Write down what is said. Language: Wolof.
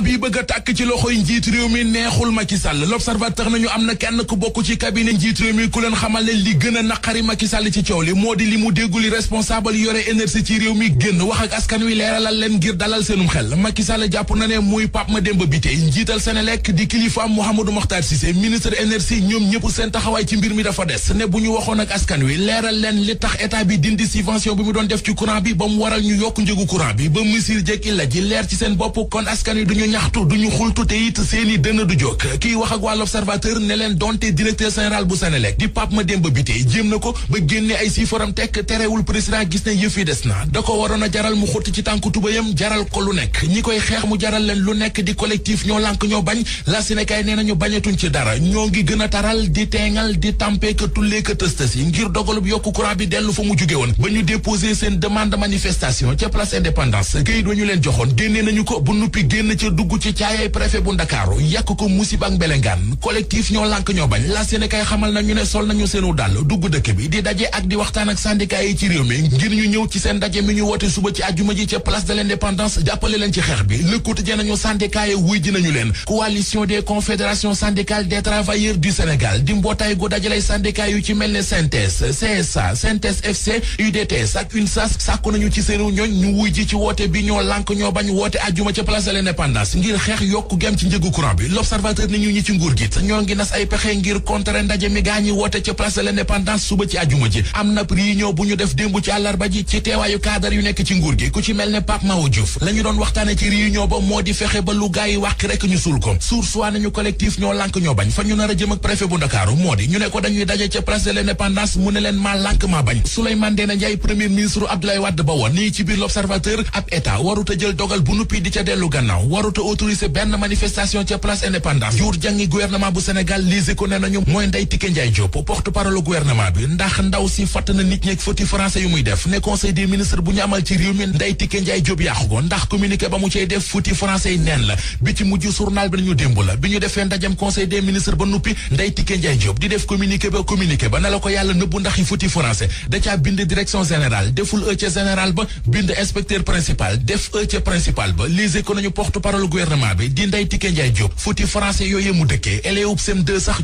courant bi bëgg a tàkk ci loxoy njiit réew mi neexul Macky Sall l'observateur nañu am na kenn ku bokk ci cabinet njiit réew mi ku leen xamal leen li gën a naqari Macky Sall ci coow li moo di li mu dégguli responsable yore énergie ci réew mi génn wax ak askan wi leeralal leen ngir dalal seenum xel Macky Sall jàpp na ne muy Pape Mademba Bitèye njiital Senelec di kilifaam Mouhamadou Makhtar Cissé ministre énergie ñoom ñëpp seen taxawaay ci mbir mi dafa des ne bu ñu waxoon ak askan wi leeral leen li tax état bi dindi subvention bi mu doon def ci courant bi ba mu waral ñu yokk njëgu courant bi ba mesure jékki la ji leer ci seen bopp kon ñaxtu du ñu xultu te it seeni dënn du jóg kii wax ne leen donte directeur général bu Senelec di Pape Mademba Bitèye jéem na ko ba génne ay siifaram tekk terewul président gis ne yëf yi des na da ko waroon a jaral mu xutti ci tànku tubayam jaral ko lu nekk ñi koy xeex mu jaral leen lu nekk di collectif ñoo lànk ñoo bañ la Sénégal nee nañu bañatuñ ci dara ñoo ngi gën a taral di teengal di tampé ka tullee ka tëstas yi yokk dogalub yokku courant bi dellu fa mu jóge woon ba ñu déposé seen demande manifestation ca place indépendance kayit dugg ci caayay préfet bu ndakaaru yàq ko musiba ak mbelengaan collectif ñoo lànk ñoo bañ la seen kay xamal nañu ne sol nañu seenu dàll dugg dëkk bi di daje ak di waxtaan ak syndicat yi ci réew mi ngir ñu ñëw ci seen ndaje mi ñu woote suba ci àjjuma ji ca place de l'indépendance jàppale leen ci xeex bi Le Quotidien nañu syndicat yi wuy ji nañu leen coalition des confédérations syndicales des travailleurs du Sénégal di mbootaay gu dajalay syndicat yu ci mel ne CNTS CSA CNTS FC UDTS ak UNSAS nañu ci seenu ñooñ ñu wuy ji ci woote bi ñoo lànk ñoo bañ woote àjjuma ca place de l'indépendance nas ngir xeex yokku gem ci njëgu courant bi l'observateur ni ñu ñi ci nguur gi ñoo ngi nas ay pexe ngir contrer ndaje mi gaa woote ci place de l'indépendance suba ci àjjuma ji am na réunion bu ñu def démb ci àllarba ji ci teewaayu cadre yu nekk ci nguur gi ku ci mel ne Pape Mawo Diouf la doon waxtaane ci réunion ba moo di fexe ba lu gaa yi wàq rek ñu suul ko suur soit nañu collectif ñoo lànk ñoo bañ fa ñu nar a jëm ak préfet bu Ndakaaru moo di ñu ne ko dañuy daje ca place de l'indépendance mu ne leen maa mënuta autoriser benn manifestation ca place indépendance jur jàngi gouvernement bu Sénégal lise ko ne nañu mooy Ndeye Tické Ndiaye Diop porte parole gouvernement bi ndax ndaw si fatt na nit ñeeg fëti français yu muy def ne conseil des bu ñu ci réew mi Ndeye Tické Ndiaye Diop yàqu ko ndax communiqué ba mu cay def fëti français yi neen la bi ci mujj journal bi nañu démb la bi ñu defee ndajam conseil des ba nuppi Ndeye Tické Ndiaye Diop di def communiqué wàllu gouvernement bi di Ndeye Tické Ndiaye Diop futi français yooyu mu dëkkee élève sem 2 sax